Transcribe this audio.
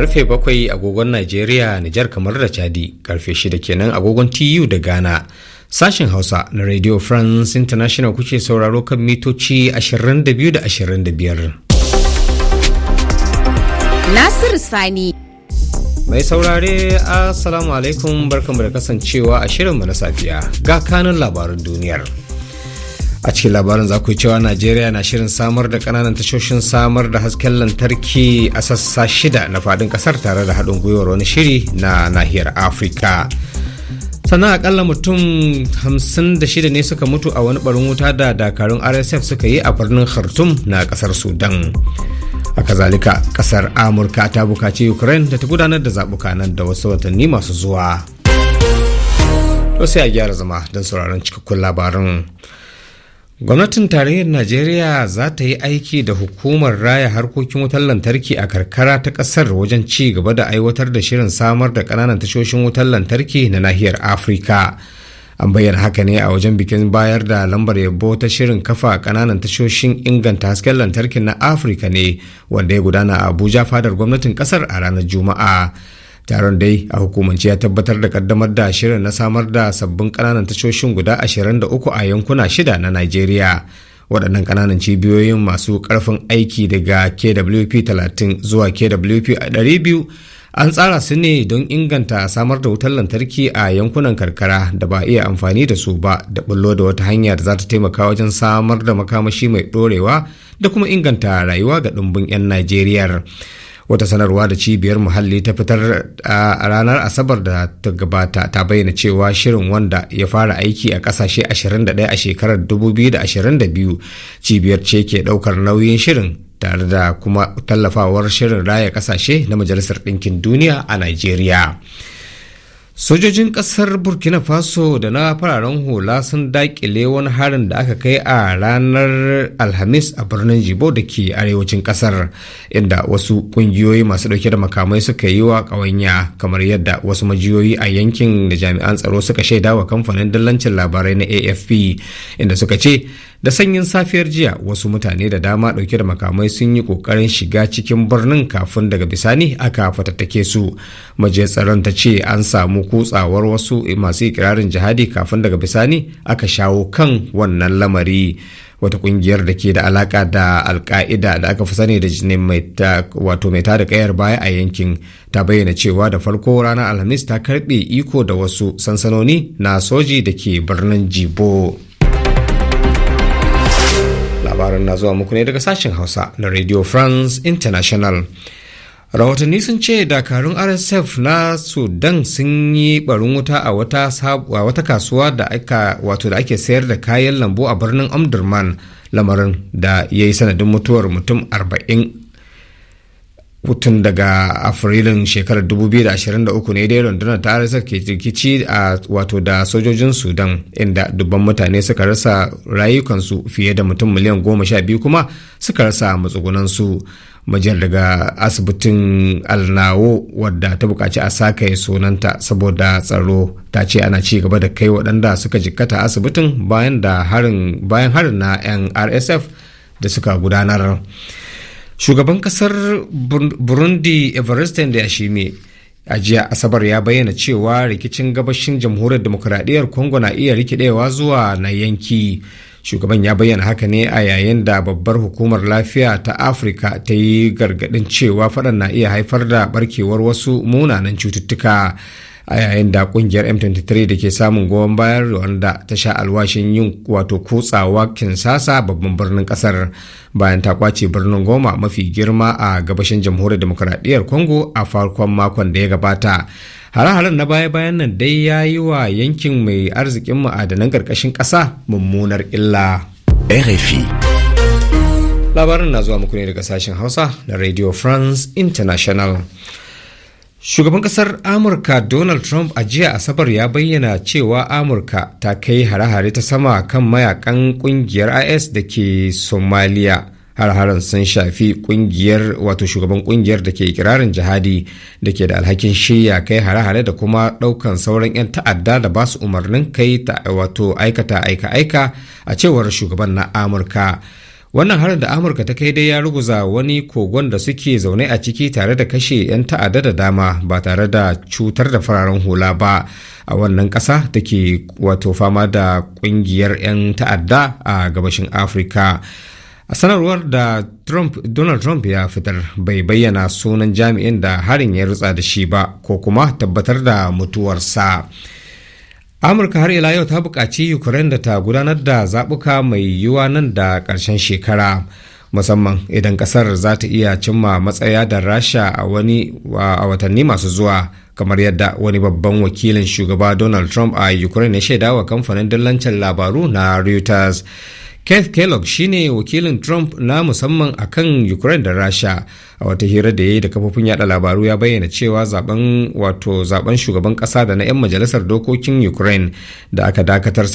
karfe bakwai agogon Najeriya, Nijar kamar da Chadi, karfe shida kenan agogon TU da Ghana. Sashen Hausa na Radio France International kuke sauraro kan mitoci 22 da 25. Nasiru Sani Mai saurare Assalamu alaikum barkanmu da kasancewa a shirin mu na safiya ga kanun labarin duniyar. a cikin labarin za ku cewa najeriya na shirin samar da kananan tashoshin samar da hasken lantarki a sassa shida na fadin kasar tare da haɗin gwiwar wani shiri na nahiyar afirka sannan akalla mutum 56 ne suka mutu a wani barin wuta da dakarun rsf suka yi a birnin khartoum na kasar sudan a kazalika kasar amurka ta bukaci ukraine da ta gudanar da zaɓuka nan da wasu watanni masu zuwa sai a gyara zama don sauraron cikakkun labarin Gwamnatin tarayyar Najeriya za ta yi aiki da hukumar raya harkokin wutar lantarki a karkara ta ƙasar wajen ci gaba da aiwatar da shirin samar da ƙananan tashoshin wutar lantarki na nahiyar Afirka. An bayyana haka ne a wajen bikin bayar da lambar yabo ta shirin kafa ƙananan tashoshin inganta hasken lantarki na Afirka ne wanda ya gudana a Abuja fadar gwamnatin ƙasar a ranar Juma'a. taron dai a hukumance ya tabbatar da kaddamar da shirin na samar da sabbin kananan tashoshin guda 23 a yankuna shida na Najeriya. waɗannan kananan cibiyoyin masu ƙarfin aiki daga kwp 30 zuwa kwp 200 an tsara su ne don inganta samar da wutar lantarki a yankunan karkara da ba iya amfani da su ba da bullo da wata hanya da za ta taimaka wajen samar da makamashi mai ɗorewa da kuma inganta rayuwa ga ɗumbin 'yan najeriya wata sanarwa da cibiyar muhalli ta fitar a ranar asabar da ta gabata ta bayyana cewa shirin wanda ya fara aiki a kasashe 21 a shekarar 2022 cibiyar ce ke daukar nauyin shirin tare da kuma tallafawar shirin raya kasashe na majalisar ɗinkin duniya a nigeria sojojin kasar burkina faso da na fararen hula sun daƙile wani harin da aka kai a ranar alhamis a birnin jibo da ke arewacin kasar inda wasu ƙungiyoyi masu ɗauke da makamai suka yi wa ƙawanya kamar yadda wasu majiyoyi a yankin da jami'an tsaro suka shaida wa kamfanin dillancin labarai na afp inda suka ce da sanyin safiyar jiya wasu mutane da dama ɗauke da makamai sun yi ƙoƙarin shiga cikin birnin kafin daga bisani aka fatattake su majiyar tsaron ta ce an samu kutsawar wasu masu ikirarin jihadi kafin daga bisani aka shawo kan wannan lamari wata kungiyar da ke da alaka da alka'ida da aka fi sani da jinin wato mai tada kayar baya a yankin ta bayyana cewa da farko ranar alhamis ta karbe iko da wasu sansanoni na soji da ke birnin jibo labaran na zuwa muku ne daga sashen hausa na radio france international rahotanni sun ce dakarun rsf na sudan sun yi barin wuta a wata kasuwa da ake sayar da kayan lambu a birnin omdurman lamarin da ya yi sanadin mutuwar mutum arba'in tun daga afrilun shekarar 2023 ne dai rundunar ta rasa ke rikici a wato da sojojin sudan inda dubban mutane suka rasa rayukansu fiye da mutum miliyan goma sha biyu kuma suka rasa matsugunansu majiyar daga asibitin alnawo wadda ta bukaci a sakaye sunanta saboda tsaro ta ce ana ci gaba da kai waɗanda suka jikkata asibitin bayan harin na yan rsf da suka gudanar shugaban kasar burundi everestin da shime a jiya asabar ya bayyana cewa rikicin gabashin jamhuriyar demokuraɗiyyar congo na iya rikidewa zuwa na yanki shugaban ya bayyana haka ne a yayin da babbar hukumar lafiya ta afirka ta yi gargaɗin cewa faɗan na iya haifar da barkewar wasu munanan cututtuka a yayin da kungiyar m23 da ke samun goyon bayan rwanda ta sha alwashin yin wato kutsawa kinsasa babban birnin kasar bayan ta kwace birnin goma mafi girma a gabashin jamhuriyar demokuraɗiyyar congo a farkon makon da ya gabata hare-haren na baya-bayan nan dai ya yi wa yankin mai arzikin ma'adanan ƙarƙashin ƙasa mummunar illa rfi labarin na zuwa muku ne daga sashen hausa na radio france international Shugaban kasar Amurka Donald Trump a jiya Asabar ya bayyana cewa Amurka ta kai hare-hare ta sama kan mayakan kungiyar IS da ke Somalia. Har-haren sun shafi kungiyar wato shugaban kungiyar da ke kirarin jihadi da ke da alhakin shirya kai hare-hare da kuma daukan sauran 'yan ta'adda da ba su umarnin kai wato aikata aika-aika a cewar shugaban na Amurka. wannan harin da amurka ta kai dai ya ruguza wani kogon da suke zaune a ciki tare da kashe 'yan ta'adda da dama ba tare da cutar da fararen hula ba a wannan kasa da ke wato fama da kungiyar 'yan ta'adda a gabashin afirka a sanarwar da trump donald trump ya fitar bai bayyana sunan jami'in da harin ya rutsa da shi ba ko kuma tabbatar da mutuwarsa. amurka har ila yau ta buƙaci ukraine da ta gudanar da zaɓuka mai yiwuwa nan da ƙarshen shekara musamman idan ƙasar za ta iya cimma matsaya da rasha a wani a watanni masu zuwa kamar yadda wani babban wakilin shugaba donald trump a ukraine ya shaidawa kamfanin dillancin labaru na reuters Keith Kellogg shine wakilin Trump na musamman a kan Ukraine da Rasha a wata hira da ya yi da kafofin yada labaru ya bayyana cewa zaben wato zaben shugaban kasa da na 'yan majalisar dokokin Ukraine da aka dakatar